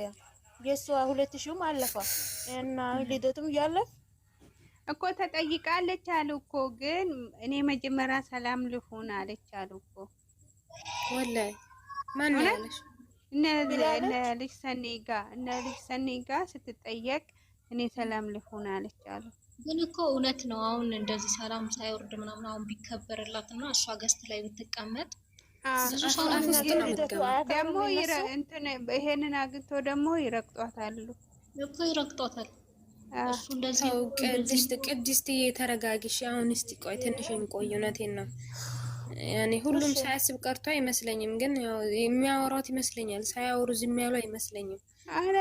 ያ የእሷ ሁለት ሺውም አለፋ እና ልደቱም እያለፍ እኮ ተጠይቃለች አሉ እኮ ግን እኔ መጀመሪያ ሰላም ልሁን አለች አሉ እኮ ወላሂ ማን ያለሽ እነ ልጅ ሰኔ ጋ እነ ልጅ ሰኔ ጋ ስትጠየቅ እኔ ሰላም ልሁን አለች አሉ ግን እኮ እውነት ነው አሁን እንደዚህ ሰላም ሳይወርድ ምናምን አሁን ቢከበርላት እና እሷ ገስት ላይ ብትቀመጥ ደግሞ ይሄንን አግኝቶ ደግሞ ይረግጧታል እኮ ይረግጧታል። ቅድስት ቅድስትዬ ተረጋጊሽ። አሁን እስቲ ቆይ ትንሽ እንቆይ። እውነቴን ነው ያኔ ሁሉም ሳያስብ ቀርቶ አይመስለኝም፣ ግን የሚያወሯት ይመስለኛል። ሳያወሩ ዝም ያሉ አይመስለኝም። አረ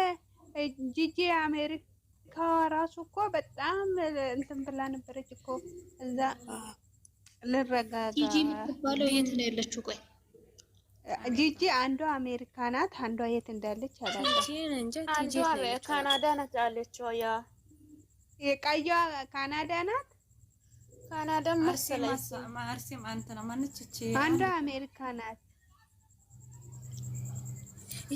ጂጂ አሜሪካ ራሱ እኮ በጣም እንትን ብላ ነበረች እኮ እዛ ልረጋጋ ጂጂ የምትባለው የት ነው ያለችው? ቆይ ጂጂ አንዷ አሜሪካ ናት፣ አንዷ የት እንዳለች ካናዳ ናት ያለችው። ያ የቀየዋ ካናዳ ናት። ካናዳ መሰለኝ አንዷ አሜሪካ ናት።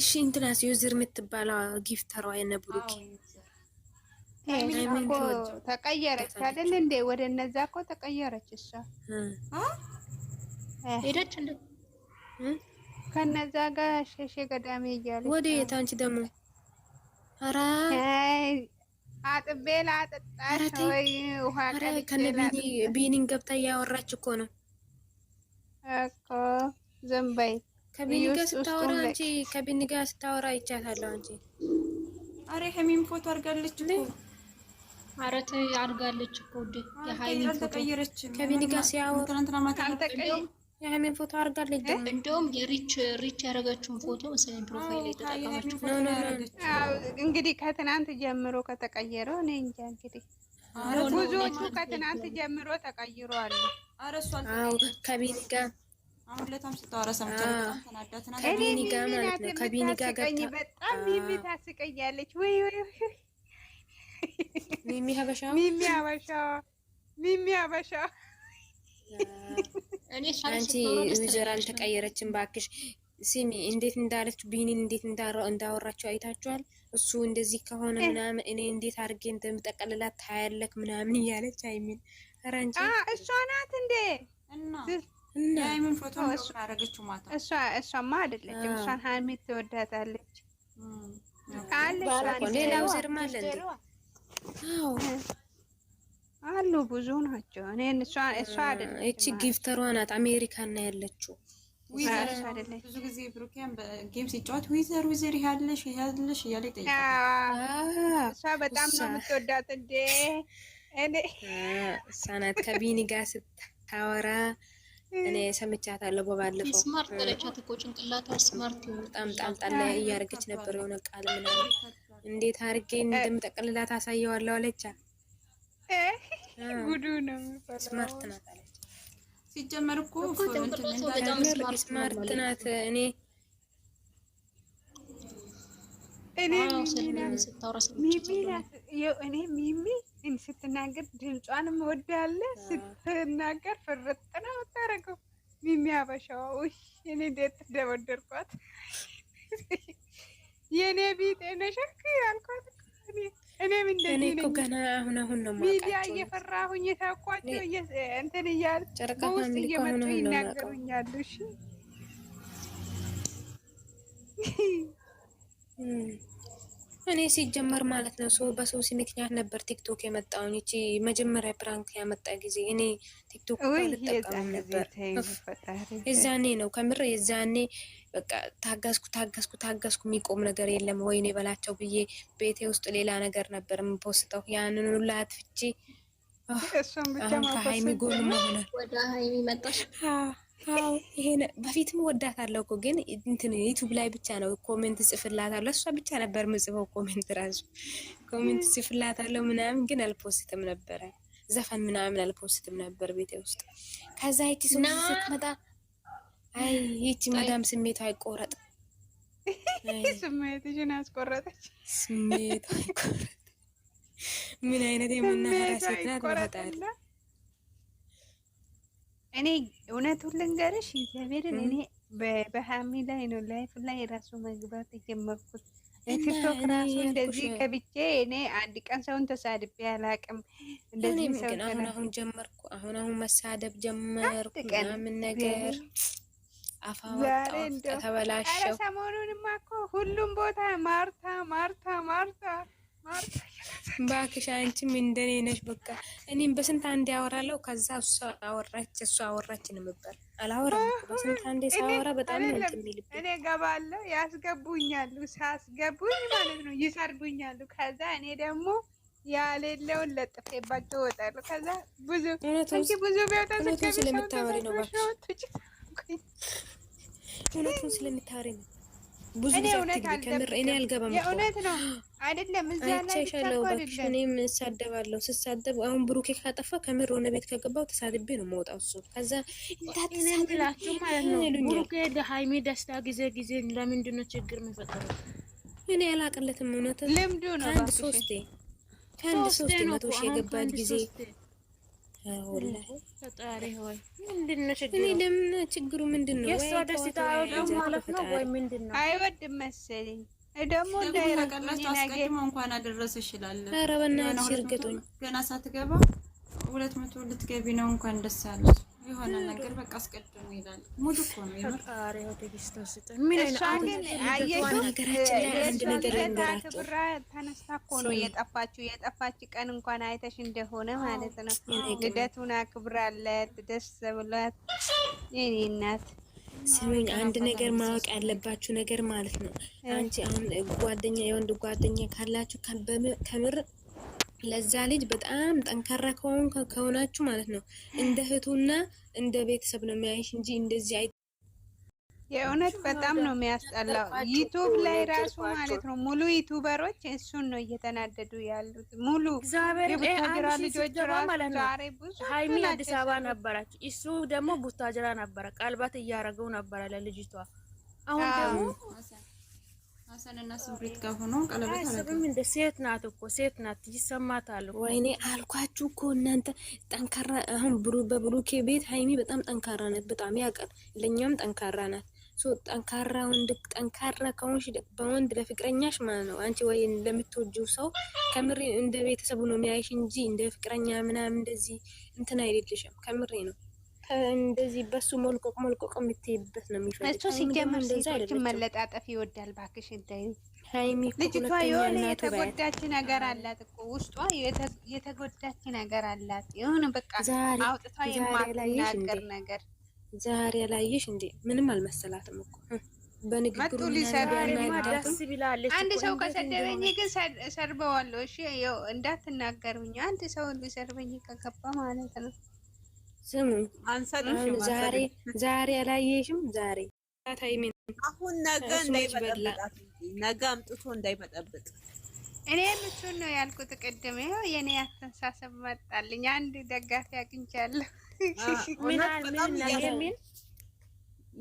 እሺ እንትናስ ዩዝር የምትባለው ጊፍተሯ የነብሩክ ተቀየረች አይደል እንዴ? ወደ እነዛ እኮ ተቀየረች እሷ ሄደች እንዴ? ከነዛ ጋር ሸሼ ገዳሜ እያለች ወደ የት አንቺ ደግሞ ኧረ አጥቤ ላጠጣሽ ወይ ውሃ ከነ ቢኒን ገብታ እያወራች እኮ ነው እኮ ዝም በይ። ከቢኒ ጋር ስታወራ አንቺ ከቢኒ ጋር ስታወራ ይቻታለሁ አንቺ አሬ ሀይሚን ፎቶ አድርጋለች እኮ ኧረ አድርጋለች እኮ ውዴ የሀይሚን ፎቶ ከቢኒ ጋር ሲያወራ የሀይሜን ፎቶ አድርጋለች። እንደውም የሪች ሪች ያደረገችውን ፎቶ መሰለኝ ፕሮፋይል የተጠቀመችው እንግዲህ ከትናንት ጀምሮ ከተቀየረ እኔ እንጃ። እንግዲህ ብዙዎቹ ከትናንት ጀምሮ ተቀይሯል። ከቢኒ ጋር አሁን ለታም ስታወራ ሰምቻለሁ። ከቢኒ ጋር ማለት ነው። ከቢኒ ጋር በጣም ሚሚ ታስቀያለች። ወይ ወይ ሚሚ ሀበሻ ሚሚ ሀበሻ ሚሚ ሀበሻ አንቺ ዊዘር አልተቀየረችም ባክሽ። ስሚ እንዴት እንዳለች ቢኒን እንዴት እንዳወራቸው አይታችኋል። እሱ እንደዚህ ከሆነ ምናምን እኔ እንዴት አድርጌ እንደምጠቀልላት ታያለክ ምናምን እያለች አይሚን ረንጂ እሷ ናት እንዴ እናምን ፎቶ አረገችው ማታ። እሷ እሷማ አይደለችም። እሷን ሀሚት ትወዳታለች ሌላው ዘርማለ እንዴ? አዎ አሉ ብዙ ናቸው። እኔ እሷ እሷ አይደለም እቺ ጊፍተሯ ናት አሜሪካና ያለችው ብዙ ጊዜ ብሩኪያን በጌም ሲጫወት ዊዘር ዊዘር ያለሽ ያለሽ እያለ ይጠይቃል። እሷ በጣም ነው የምትወዳት እንዴ እኔ እሷ ናት ከቢኒ ጋር ስታወራ እኔ ሰምቻታለሁ። በባለፈው ስማርት አለቻት እኮ ጭንቅላቷ ስማርት በጣም ጣልጣላ እያደረገች ነበር የሆነ ቃል ምናምን እንዴት አድርጌ እንደምጠቀልላት አሳየዋለሁ አለቻት። ጉዱ ነው። ስማርት ናት ሲጀመር እኮ ስማርት ናት። እኔ እኔ ሚሚ ስትናገር ድምጿንም ወዳለ ስትናገር ፍርጥ ነው የምታደርገው። ሚሚ አበሻዋ እኔ እንዴት የእኔ ቢጤ ነሽ እኮ ያልኳት እኔ እኔም እንደዚህ እኮ ገና አሁን አሁን ነው ሚዲያ እየፈራሁኝ የታውቋቸው እንትን እያል በውስጥ እየመጡ ይናገሩኛሉ። እሺ እኔ ሲጀመር ማለት ነው ሰው በሶሲ ምክንያት ነበር ቲክቶክ የመጣውን። ይቺ መጀመሪያ ፕራንክ ያመጣ ጊዜ እኔ ቲክቶክ ልጠቀም ነበር የዛኔ ነው። ከምር የዛኔ በቃ ታገስኩ ታገስኩ ታገስኩ፣ የሚቆም ነገር የለም ወይኔ በላቸው ብዬ ቤቴ ውስጥ ሌላ ነገር ነበር የምፖስተው። ያንን ሁላ አጥፍቼ ከሀይሚ ጎን መሆናል። ይሄን በፊትም አለው እኮ ግን እንትን ዩቱብ ላይ ብቻ ነው ኮሜንት ጽፍላት አለው። እሷ ብቻ ነበር ምጽፈው ኮሜንት ራሱ ኮሜንት አለው ምናምን፣ ግን አልፖስትም ነበረ ዘፈን ምናምን አልፖስትም ነበር ቤቴ ውስጥ። ከዛ ይቺ ሰው ስትመጣ አይ ይቺ መዳም ስሜቷ አይቆረጥ ስሜትሽን አስቆረጠች። ስሜቷ አይቆረጥ ምን አይነት የምናፈራ ሴት ናት! እኔ እውነቱን ልንገርሽ እግዚአብሔርን እኔ በሀሚ ላይ ነው ላይፍ ላይ የራሱ መግባት የጀመርኩት ቲክቶክ ራሱ እንደዚህ ከብቼ እኔ አንድ ቀን ሰውን ተሳድቤ አላቅም። እንደዚህ አሁን ጀመርኩ አሁን አሁን መሳደብ ጀመርኩ ምናምን ነገር አፋወጣ ተበላሸው። ሰሞኑንማ እኮ ሁሉም ቦታ ማርታ ማርታ ማርታ ማርታ እባክሽ አንቺም እንደኔ ነሽ። በቃ እኔም በስንት አንዴ ያወራለው። ከዛ እሷ አወራች እሷ አወራች እንምበር አላወራም። በስንት አንዴ ሳወራ በጣም ነው የሚልብ። እኔ ገባለሁ፣ ያስገቡኛሉ። ሳስገቡኝ ማለት ነው ይሰርጉኛሉ። ከዛ እኔ ደግሞ ያሌለውን ለጥፌባቸው እወጣለሁ። ከዛ ብዙ እንጂ ብዙ ቢወጣ ስለምታወሪ ነው እባክሽ፣ እውነቱን ስለምታወሪ ነው ብዙ እኔ አልገባም። የእውነት ነው አይደለም። አይቻሻለሁ እኔም እሳደባለሁ። ስሳደብ አሁን ብሩኬ ካጠፋ ከምር ሆነ ቤት ከገባው ተሳድቤ ነው መውጣው። እሱ ከዛ እንዳትሳላችሁ ማለት ነው። ብሩኬ ለሀይሜ ደስታ ጊዜ ጊዜ ለምንድን ነው ችግር የሚፈጠረው? እኔ አላቅለትም። እውነት ልምዱ ነው። ከአንድ ሶስቴ ከአንድ ሶስቴ መቶ ሺ የገባል ጊዜ ፈጣሪ ሆይ ምንድን ነው ችግሩ? እኔ ለምን ችግሩ ምንድን ነው? የእሷ ደስታ አይወድም ማለት ነው ወይ ምንድን ነው? አይወድም መሰለኝ ደግሞ እንዳይረቀላቸው አስቀድሞ እንኳን አደረሰሽ ይላል። ኧረ በእናትሽ እርግጡኝ ገና ሳትገባ ሁለት መቶ ልትገቢ ነው። እንኳን ደስ አለሽ። የሆነ ነገር በቃ አስቀድሞ ይላል። ሙድ እኮ ነው። ተነስታ እኮ ነው የጠፋችው። የጠፋች ቀን እንኳን አይተሽ እንደሆነ ማለት ነው። ልደቱን አክብራለት ደስ ብሏት የኔ እናት ስሚኝ አንድ ነገር ማወቅ ያለባችሁ ነገር ማለት ነው። አንቺ አሁን ጓደኛ የወንድ ጓደኛ ካላችሁ ከምር ለዛ ልጅ በጣም ጠንካራ ከሆን ከሆናችሁ ማለት ነው እንደ እህቱና እንደ ቤተሰብ ነው የሚያይሽ እንጂ እንደዚህ አይ የእውነት በጣም ነው የሚያስጠላው። ዩቱብ ላይ ራሱ ማለት ነው ሙሉ ዩቱበሮች እሱን ነው እየተናደዱ ያሉት። ሙሉ ቡታጅራ ልጆች ዛሬ ብዙ ሀይሚ አዲስ አበባ ነበረች፣ እሱ ደግሞ ቡታጅራ ነበረ። ቀልባት እያረገው ነበረ ለልጅቷ አሁን ደግሞ ሀሰንና ስምሪት ጋር ሆኖ ቀለበት አላስብም። እንደ ሴት ናት እኮ ሴት ናት ይሰማታል። ወይኔ አልኳችሁ እኮ እናንተ ጠንካራ። አሁን ብሩ በብሩኬ ቤት ሀይሚ በጣም ጠንካራ ናት። በጣም ያቀል ለእኛም ጠንካራ ናት። ጠንካራ ወንድ ጠንካራ ከሆንሽ በወንድ ለፍቅረኛሽ ማለት ነው። አንቺ ወይ ለምትወጂው ሰው ከምሬ እንደ ቤተሰቡ ነው የሚያይሽ እንጂ እንደ ፍቅረኛ ምናምን እንደዚህ እንትን አይደልሽም። ከምሬ ነው እንደዚህ በሱ መልቆቅ መልቆቅ የምትይበት ነው የሚፈልግ። እሱ ሲጀምር ሴቶችን መለጣጠፍ ይወዳል። እባክሽ እንታይ ልጅቷ የሆነ የተጎዳች ነገር አላት እኮ ውስጧ የተጎዳች ነገር አላት። የሆነ በቃ አውጥቷ የማትናገር ነገር ዛሬ ላይሽ እንዴ ምንም አልመሰላትም እኮ በንግግሩ ደስ አንድ ሰው ከሰደበኝ ግን ሰርበዋለሁ። እሺ እንዳትናገሩኝ። አንድ ሰው ሊሰርበኝ ከገባ ማለት ነው ስሙ ዛሬ ዛሬ አላየሽም? ዛሬ አሁን ነገ እንዳይበጠብጣት ነገ አምጥቶ እንዳይበጠብጥ። እኔ ምቹን ነው ያልኩት ቅድም። ይኸው የኔ አስተሳሰብ መጣልኝ። አንድ ደጋፊ አግኝቻለሁ።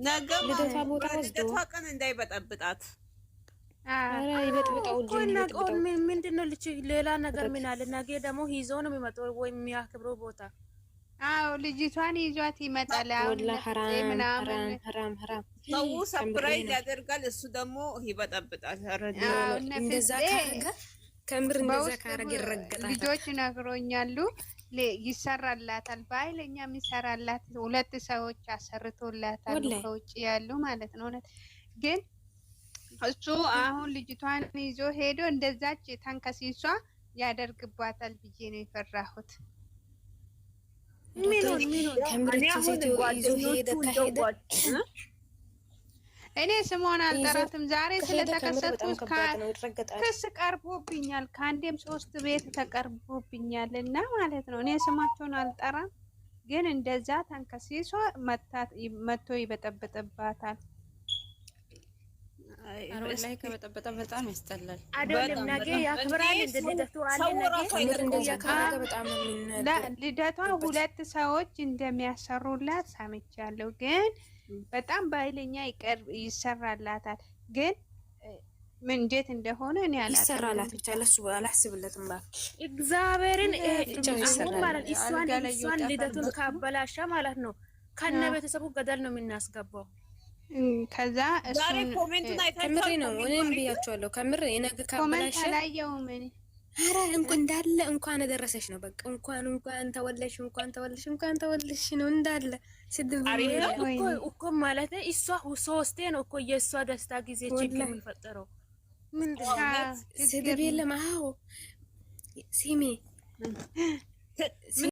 ነገ ልደቷ ቀን እንዳይበጠብጣት ምንድን ነው ልች ሌላ ነገር ምን አለ? ነገ ደግሞ ይዞ ነው የሚመጣው ወይ የሚያክብረው ቦታ አዎ ልጅቷን ይዟት ይመጣል። ሰው ሰፕራይዝ ያደርጋል፣ እሱ ደግሞ ይበጠብጣል። ልጆች ነግሮኛሉ፣ ይሰራላታል፣ በኃይለኛም ይሰራላት። ሁለት ሰዎች አሰርቶላታል፣ ከውጭ ያሉ ማለት ነው። እውነት ግን እሱ አሁን ልጅቷን ይዞ ሄዶ እንደዛች ተንከሲሷ ያደርግባታል ብዬ ነው የፈራሁት። እኔ ስሞን አልጠራትም ዛሬ ስለተከሰቱ ክስ ቀርቦብኛል። ከአንዴም ሶስት ቤት ተቀርቦብኛል እና ማለት ነው እኔ ስማቸውን አልጠራም፣ ግን እንደዛ ተንከሲሶ መቶ ይበጠበጥባታል። ላይ ከበጠበጠ በጣም ያስጠላል። አይደለም ነገ ያክብራል። ልደቷ ሁለት ሰዎች እንደሚያሰሩላት ሰምቻለሁ፣ ግን በጣም በኃይለኛ ይሰራላታል። ግን እንዴት እንደሆነ እኔ አላውቅም። ይሰራላት ብቻ ለሱ አላስብለትም። እባክሽ እግዚአብሔርን አሁን ማለት እሷን ልደቱን ካበላሻ ማለት ነው ከነ ቤተሰቡ ገደል ነው የምናስገባው። ከዛ ዛሬ ኮሜንቱን ከምሬ ነው እኔም ብያቸዋለሁ። ከምር የነግ ካበላሽ እንኳ እንዳለ እንኳን ደረሰሽ ነው በቃ እንኳን እንኳን ተወለሽ እንኳን ተወለሽ እንኳን ተወለሽ ነው እንዳለ ስድብ እኮ ማለት እሷ ሶስቴ ነው እኮ የእሷ ደስታ ጊዜ ችግር የሚፈጠረው ምንድን ስድብ የለም። አዎ ሲሜ